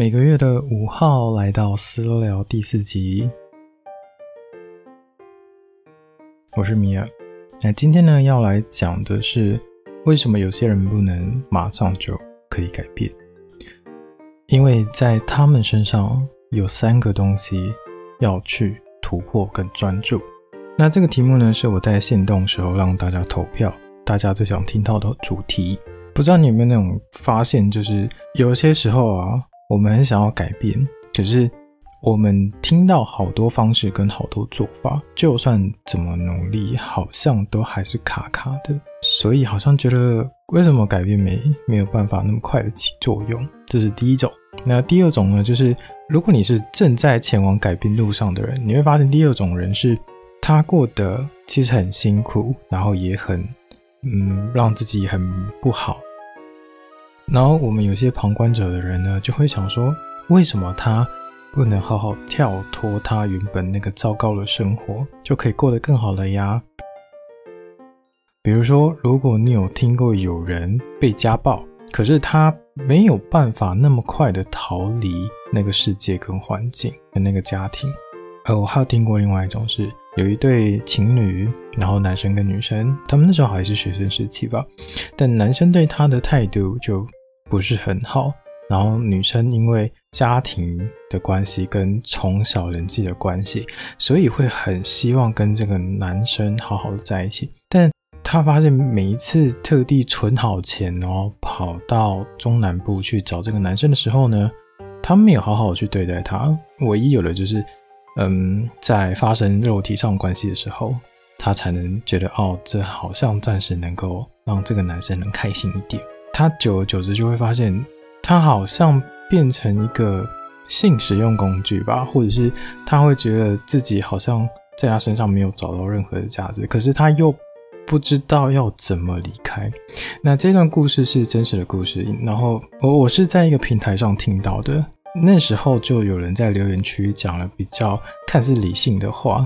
每個月的五號來到私聊第四集，我是米爾。那今天呢，要來講的是為什麼有些人不能馬上就可以改變？因為在他們身上有三個東西要去突破跟專注。那這個題目呢，是我在限動時候讓大家投票，大家最想聽到的主題。不知道你有沒有那種發現，就是有些時候啊。我們很想要改變，可是我們聽到好多方式跟好多做法，就算怎麼努力，好像都還是卡卡的，所以好像覺得為什麼改變沒沒有辦法那麼快的起作用？這是第一種。那第二種呢，就是如果你是正在前往改變路上的人，你會發現第二種人是他過得其實很辛苦，然後也很，嗯，讓自己很不好。然後我們有些旁觀者的人呢，就會想說，為什麼他不能好好跳脫他原本那個糟糕的生活，就可以過得更好了呀？比如說，如果你有聽過有人被家暴，可是他沒有辦法那麼快的逃離那個世界跟環境跟那個家庭，呃，我還有聽過另外一種是，有一對情侶，然後男生跟女生，他們那時候還是學生時期吧，但男生對他的態度就不是很好，然後女生因為家庭的關係跟從小人際的關係，所以會很希望跟這個男生好好的在一起。但她發現每一次特地存好錢，然後跑到中南部去找這個男生的時候呢，他沒有好好的去對待她。唯一有的就是，嗯，在發生肉體上關係的時候，她才能覺得哦，這好像暫時能夠讓這個男生能開心一點。他久而久之就會發現，他好像變成一個性使用工具吧，或者是他會覺得自己好像在他身上沒有找到任何的價值，可是他又不知道要怎麼離開。那這段故事是真實的故事，然後我我是在一個平台上聽到的，那時候就有人在留言區講了比較看似理性的話，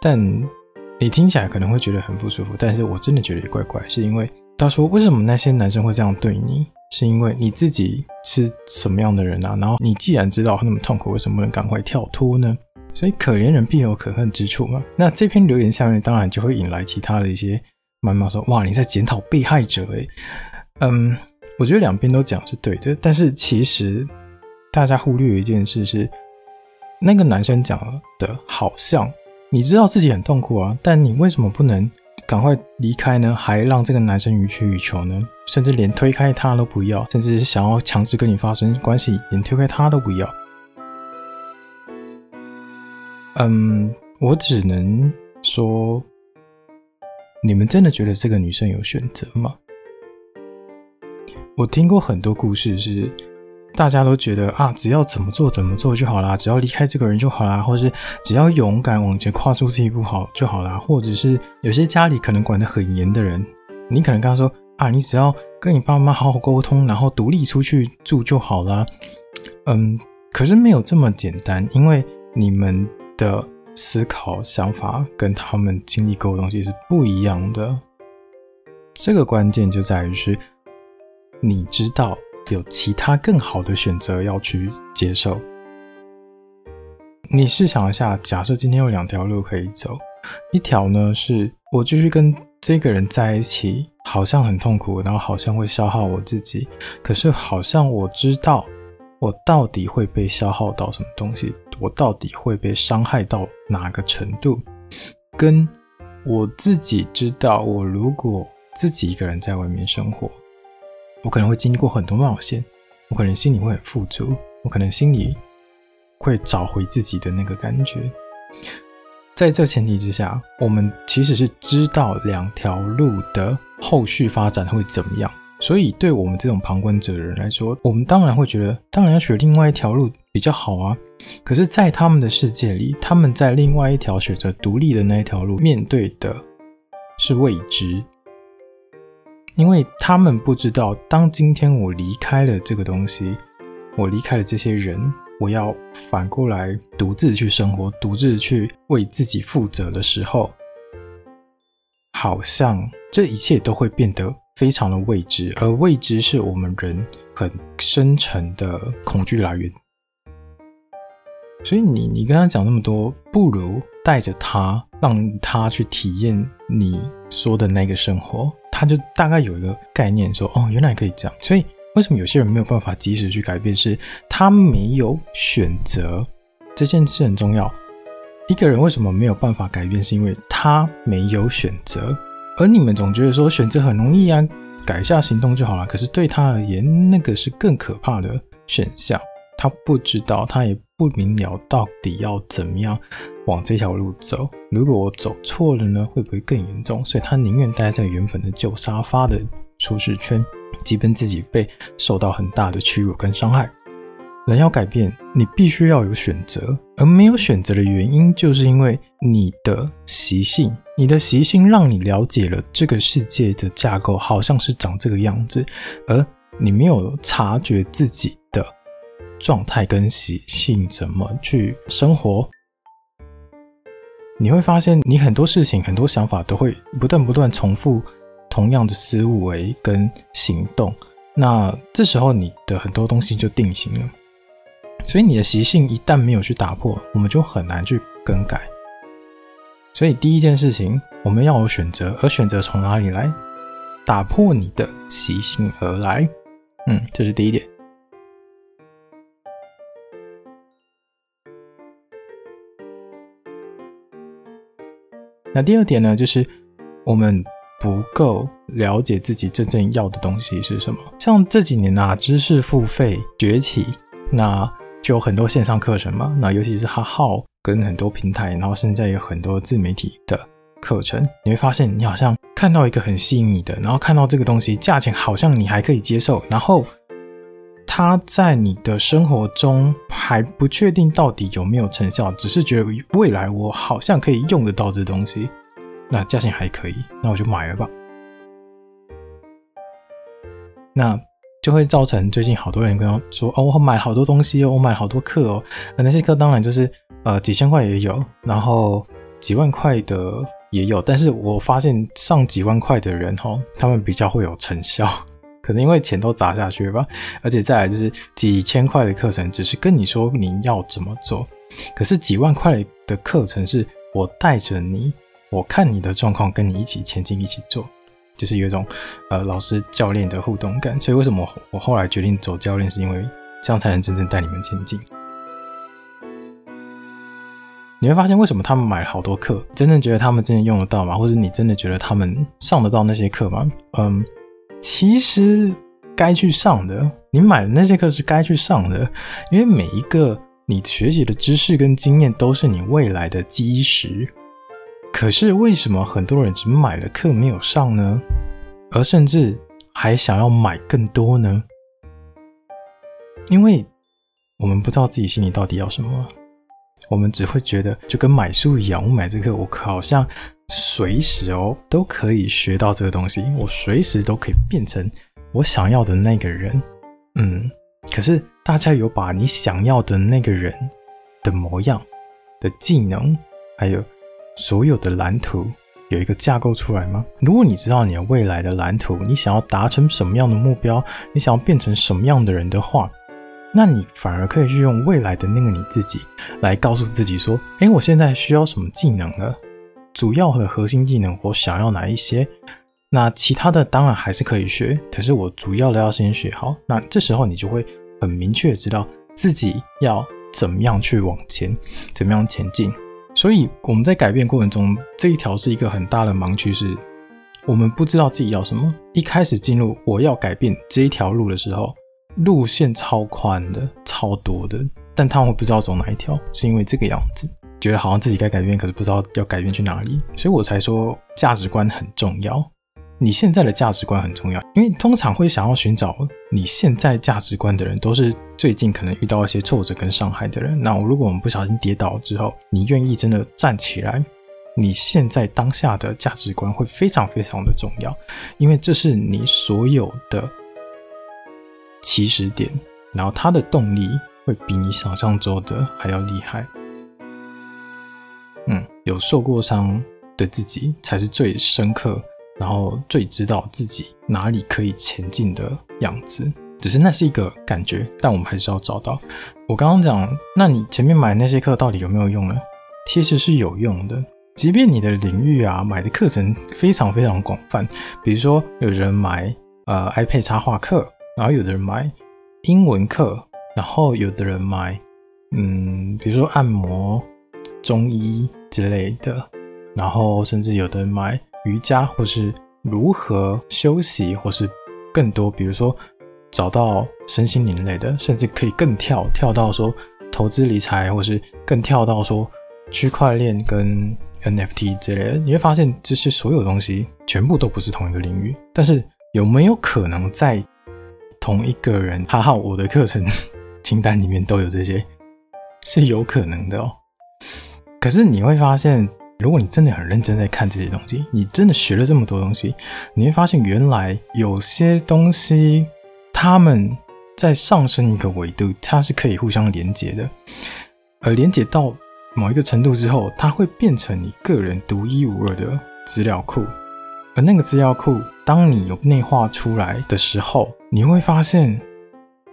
但你聽起來可能會覺得很不舒服，但是我真的覺得也怪怪，是因為。他說：“為什麼那些男生會這樣對你？是因為你自己是什麼樣的人啊？然後你既然知道他那麼痛苦，為什麼不能趕快跳脫呢？所以可憐人必有可恨之處嘛。那這篇留言下面當然就會引來其他的一些謾罵，說哇，你在檢討被害者欸。嗯，我覺得兩邊都講是對的，但是其實大家忽略一件事是，那個男生講的好像你知道自己很痛苦啊，但你為什麼不能？”趕快離開呢？還讓這個男生予取予求呢？甚至連推開他都不要，甚至是想要強制跟你發生關係，連推開他都不要。嗯，我只能說，你們真的覺得這個女生有選擇嗎？我聽過很多故事是。大家都覺得啊，只要怎麼做怎麼做就好啦，只要離開這個人就好啦，或者是只要勇敢往前跨出這一步好就好啦，或者是有些家裡可能管得很嚴的人，你可能跟他說啊，你只要跟你爸媽好好溝通，然後獨立出去住就好啦。嗯，可是沒有這麼簡單，因為你們的思考想法跟他們經歷過的東西是不一樣的。這個關鍵就在於是，你知道。有其他更好的選擇要去接受。你試想一下，假設今天有兩條路可以走，一條呢是我繼續跟這個人在一起，好像很痛苦，然後好像會消耗我自己，可是好像我知道我到底會被消耗到什麼東西，我到底會被傷害到哪個程度，跟我自己知道我如果自己一個人在外面生活。我可能會經歷過很多冒險，我可能心裡會很富足，我可能心裡會找回自己的那個感覺。在這前提之下，我們其實是知道兩條路的後續發展會怎麼樣，所以對我們這種旁觀者的人來說，我們當然會覺得，當然要選另外一條路比較好啊。可是，在他們的世界裡，他們在另外一條選擇獨立的那一條路，面對的是未知。因為他們不知道，當今天我離開了這個東西，我離開了這些人，我要反過來獨自去生活，獨自去為自己負責的時候，好像這一切都會變得非常的未知，而未知是我們人很深沉的恐懼來源。所以你，你你跟他講那麼多，不如帶着他，讓他去體驗你。說的那個生活，他就大概有一個概念說，說哦，原來可以這樣。所以為什麼有些人沒有辦法及時去改變，是他沒有選擇這件事很重要。一個人為什麼沒有辦法改變，是因為他沒有選擇。而你們總覺得說選擇很容易啊，改一下行動就好了。可是對他而言，那個是更可怕的選項。他不知道，他也。不明了到底要怎麼樣往這條路走。如果我走錯了呢，會不會更嚴重？所以他寧願待在原本的舊沙發的舒適圈，即便自己被受到很大的屈辱跟傷害。人要改變，你必須要有選擇，而沒有選擇的原因，就是因為你的習性，你的習性讓你了解了這個世界的架構好像是長這個樣子，而你沒有察覺自己。狀態跟習性怎麼去生活？你會發現，你很多事情、很多想法都會不斷不斷重複同樣的思維跟行動。那這時候，你的很多東西就定型了。所以，你的習性一旦沒有去打破，我們就很難去更改。所以，第一件事情，我們要有選擇，而選擇從哪裡來？打破你的習性而來。嗯，這是第一點。那第二點呢，就是我們不夠了解自己真正要的東西是什麼。像這幾年啊，知識付費崛起，那就有很多線上課程嘛。那尤其是 Hahow 跟很多平台，然後現在有很多自媒體的課程。你會發現，你好像看到一個很吸引你的，然後看到這個東西，價錢好像你還可以接受，然後。他在你的生活中還不確定到底有沒有成效，只是覺得未來我好像可以用得到這東西，那價錢還可以，那我就買了吧。那就會造成最近好多人跟我說：“哦，我買好多東西哦，我買好多課哦。”那些課當然就是呃幾千塊也有，然後幾萬塊的也有。但是我發現上幾萬塊的人哦，他們比較會有成效。可能因為錢都砸下去吧，而且再來就是幾千塊的課程，只是跟你說你要怎麼做；可是幾萬塊的課程是，我帶着你，我看你的狀況，跟你一起前進，一起做，就是有一種呃老師教練的互動感。所以為什麼我後來決定走教練，是因為這樣才能真正帶你們前進。你會發現，為什麼他們買了好多課，真正覺得他們真的用得到嗎？或者你真的覺得他們上得到那些課嗎？嗯。其實該去上的，你買的那些課是該去上的，因為每一個你學習的知識跟經驗都是你未來的基石。可是為什麼很多人只買了課沒有上呢？而甚至還想要買更多呢？因為我們不知道自己心裡到底要什麼，我們只會覺得就跟買書一樣，我買這個我可好像。隨時哦，都可以學到這個東西。我隨時都可以變成我想要的那個人。嗯，可是大家有把你想要的那個人的模樣、的技能，還有所有的藍圖，有一個架構出來嗎？如果你知道你的未來的藍圖，你想要達成什麼樣的目標，你想要變成什麼樣的人的話，那你反而可以去用未來的那個你自己來告訴自己說：哎、欸，我現在需要什麼技能呢？主要的核心技能，我想要哪一些？那其他的當然還是可以學，但是我主要的要先學好。那這時候你就會很明確的知道自己要怎麼樣去往前，怎麼樣前進。所以我們在改變過程中，這一條是一個很大的盲區，是我們不知道自己要什麼。一開始進入我要改變這一條路的時候，路線超寬的，超多的，但他們不知道走哪一條，是因為這個樣子。覺得好像自己該改變，可是不知道要改變去哪裡，所以我才說價值觀很重要。你現在的價值觀很重要，因為通常會想要尋找你現在價值觀的人，都是最近可能遇到一些挫折跟傷害的人。那如果我們不小心跌倒之後，你願意真的站起來，你現在當下的價值觀會非常非常的重要，因為這是你所有的起始點，然後它的動力會比你想象中的還要厲害。嗯，有受過傷的自己才是最深刻，然後最知道自己哪裡可以前進的樣子。只是那是一個感覺，但我們還是要找到。我剛剛講，那你前面買那些課到底有沒有用呢？其實是有用的，即便你的領域啊，買的課程非常非常廣泛。比如說，有人買呃 iPad 插畫課，然後有的人買英文課，然後有的人買嗯，比如說按摩。中醫之類的，然後甚至有的人買瑜伽，或是如何休息，或是更多，比如說找到身心靈類的，甚至可以更跳跳到說投資理財，或是更跳到說區塊鏈跟 NFT 之類的，你會發現這些所有東西全部都不是同一個領域。但是有沒有可能在同一個人？哈哈，我的課程 清單裡面都有這些，是有可能的哦。可是你會發現，如果你真的很認真在看這些東西，你真的學了這麼多東西，你會發現原來有些東西它們在上升一個維度，它是可以互相連接的。而連接到某一個程度之後，它會變成你個人獨一無二的資料庫。而那個資料庫，當你有內化出來的時候，你會發現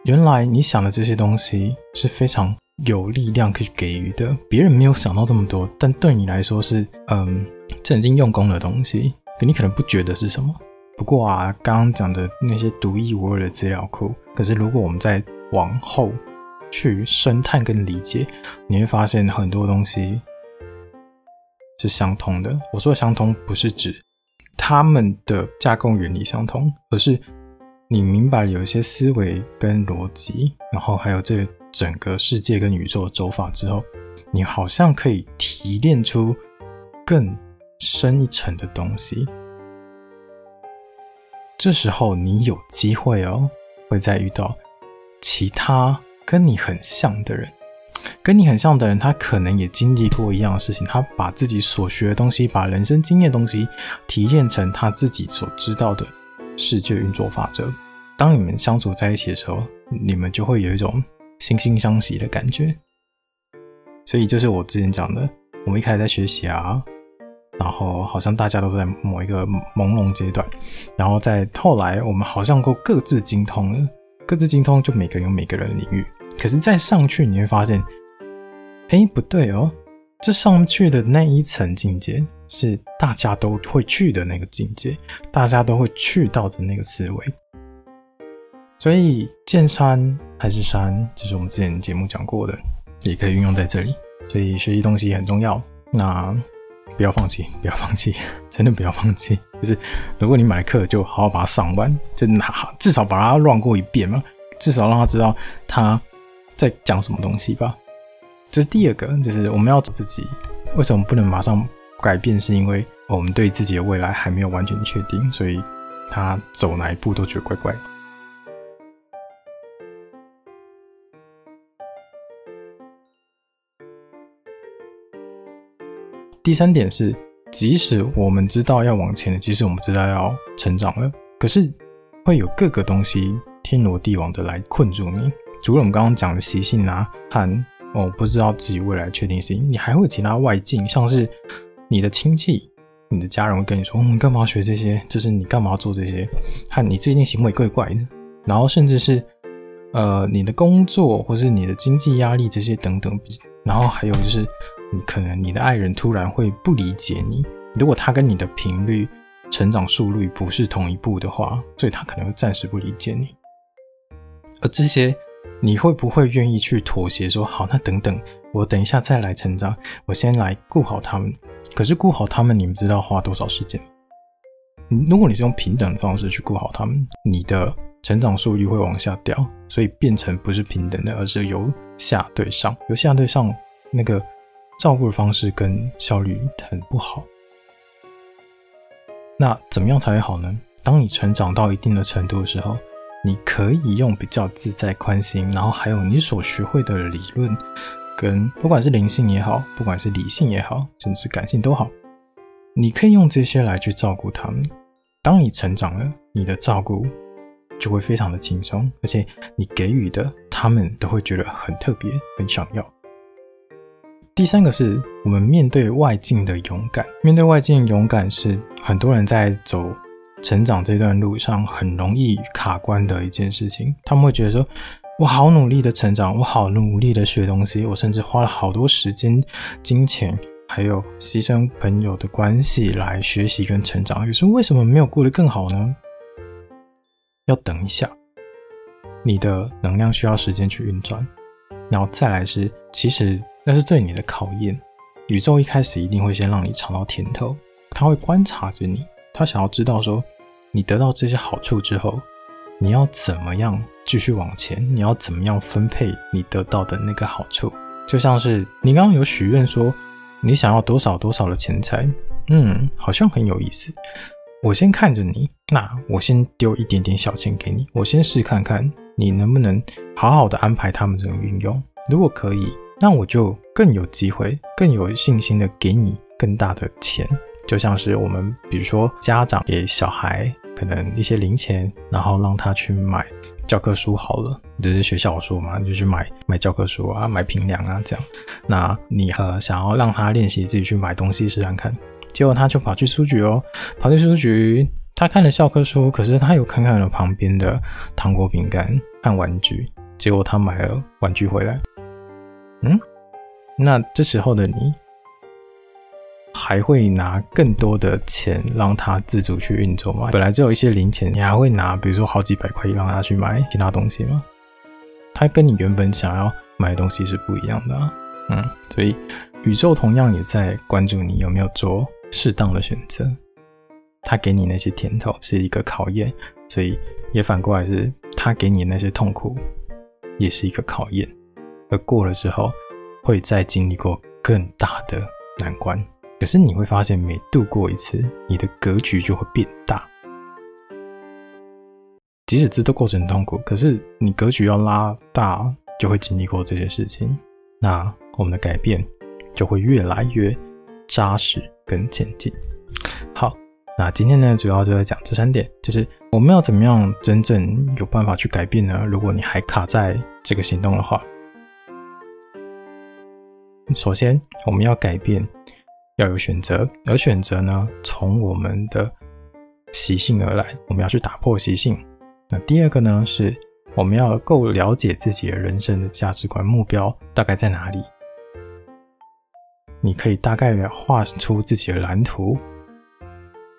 原來你想的這些東西是非常。有力量可以給予的，別人沒有想到這麼多，但對你來說是，嗯，正經用功的東西。你可能不覺得是什麼，不過啊，剛剛講的那些獨一無二的資料庫，可是如果我們再往後去深探跟理解，你會發現很多東西是相通的。我說的相通，不是指他們的架構原理相通，而是你明白了有一些思維跟邏輯，然後還有這個。整個世界跟宇宙的走法之後，你好像可以提煉出更深一層的東西。這時候你有機會哦，會再遇到其他跟你很像的人。跟你很像的人，他可能也經歷過一樣的事情，他把自己所學的東西、把人生經驗的東西提煉成他自己所知道的世界運作法則。當你們相處在一起的時候，你們就會有一種。惺惺相惜的感覺，所以就是我之前講的，我們一開始在學習啊，然後好像大家都在某一個朦朧階段，然後再後來我們好像都各自精通了，各自精通就每個人有每個人的領域，可是再上去你會發現，哎，不對哦、喔，這上不去的那一層境界是大家都會去的那個境界，大家都會去到的那個思維，所以見山。還是山，這、就是我們之前節目講過的，也可以運用在這裡。所以學習東西很重要，那不要放棄，不要放棄，真的不要放棄。就是如果你買了課，就好好把它上完，就哪，至少把它亂過一遍嘛，至少讓他知道他在講什麼東西吧。這、就是第二個，就是我們要找自己為什麼不能馬上改變，是因為我們對自己的未來還沒有完全確定，所以他走哪一步都覺得怪怪的。第三點是，即使我們知道要往前，即使我們知道要成長了，可是會有各個東西天羅地網的來困住你。除了我們剛剛講的習性啊，和、哦、我不知道自己未來確定性，你還會有其他外境，像是你的親戚、你的家人會跟你說：“嗯、你幹嘛學這些？就是你幹嘛做這些？看你最近行為怪怪的。”然後甚至是呃，你的工作或是你的經濟壓力這些等等。然後還有就是。你可能你的愛人突然會不理解你，如果他跟你的頻率、成長速率不是同一步的話，所以他可能會暫時不理解你。而這些，你會不會願意去妥協說，說好，那等等，我等一下再來成長，我先來顧好他們。可是顧好他們，你們知道花多少時間？如果你是用平等的方式去顧好他們，你的成長速率會往下掉，所以變成不是平等的，而是由下對上，由下對上那個。照顧的方式跟效率很不好，那怎麼樣才會好呢？當你成長到一定的程度的時候，你可以用比較自在寬心，然後還有你所學會的理論，跟不管是靈性也好，不管是理性也好，甚至感性都好，你可以用這些來去照顧他們。當你成長了，你的照顧就會非常的輕鬆，而且你給予的，他們都會覺得很特別，很想要。第三個是，我們面對外境的勇敢。面對外境的勇敢，是很多人在走成長這段路上很容易卡關的一件事情。他們會覺得說：“我好努力的成長，我好努力的學東西，我甚至花了好多時間、金錢，還有犧牲朋友的關係來學習跟成長。可是為什麼沒有過得更好呢？”要等一下，你的能量需要時間去運轉。然後再來是，其實。那是對你的考驗。宇宙一開始一定會先讓你嘗到甜頭，他會觀察着你，他想要知道說，你得到這些好處之後，你要怎麼樣繼續往前？你要怎麼樣分配你得到的那個好處？就像是你剛剛有許願說，你想要多少多少的錢財，嗯，好像很有意思。我先看着你，那我先丟一點點小錢給你，我先試看看你能不能好好的安排他們這種運用。如果可以，那我就更有機會，更有信心的給你更大的錢，就像是我們比如說家長給小孩可能一些零錢，然後讓他去買教科書好了，就是學校書嘛，你就去買買教科書啊，買評量啊這樣。那你和、呃、想要讓他練習自己去買東西試試看看，結果他就跑去書局哦，跑去書局，他看了教科書，可是他又看看了旁邊的糖果、餅乾和玩具，結果他買了玩具回來。嗯，那這時候的你還會拿更多的錢讓他自主去運作嗎？本來只有一些零錢，你還會拿，比如說好幾百塊讓他去買其他東西嗎？他跟你原本想要買的東西是不一樣的啊。嗯，所以宇宙同樣也在關注你有沒有做適當的選擇。他給你那些甜頭是一個考驗，所以也反過來是他給你那些痛苦也是一個考驗。而過了之後，會再經歷過更大的難關。可是你會發現，每度過一次，你的格局就會變大。即使這都過程痛苦，可是你格局要拉大，就會經歷過這些事情。那我們的改變就會越來越扎實跟前進。好，那今天呢，主要就在講這三點，就是我們要怎麼樣真正有辦法去改變呢？如果你還卡在這個行動的話，首先，我們要改變，要有選擇，而選擇呢，從我們的習性而來，我們要去打破習性。那第二個呢，是我們要夠了解自己的人生的價值觀、目標大概在哪裡，你可以大概畫出自己的藍圖。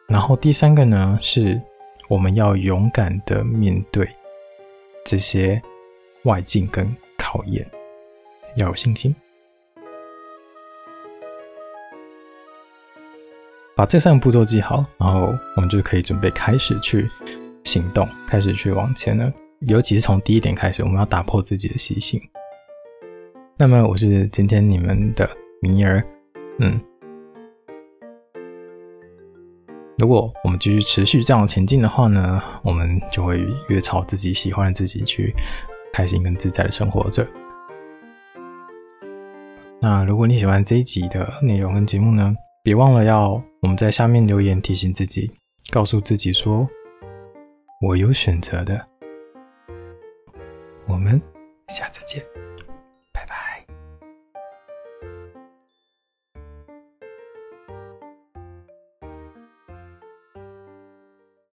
然後第三個呢，是我們要勇敢的面對這些外境跟考驗，要有信心。把這三個步驟記好，然後我們就可以準備開始去行動，開始去往前了。尤其是從第一點開始，我們要打破自己的習性。那麼我是今天你們的米爾，嗯。如果我們繼續持續這樣前進的話呢，我們就會越朝自己喜歡的自己去開心跟自在的生活着。那如果你喜歡這一集的內容跟節目呢，別忘了要。我們在下面留言提醒自己，告訴自己說：“我有選擇的。”我們下次見。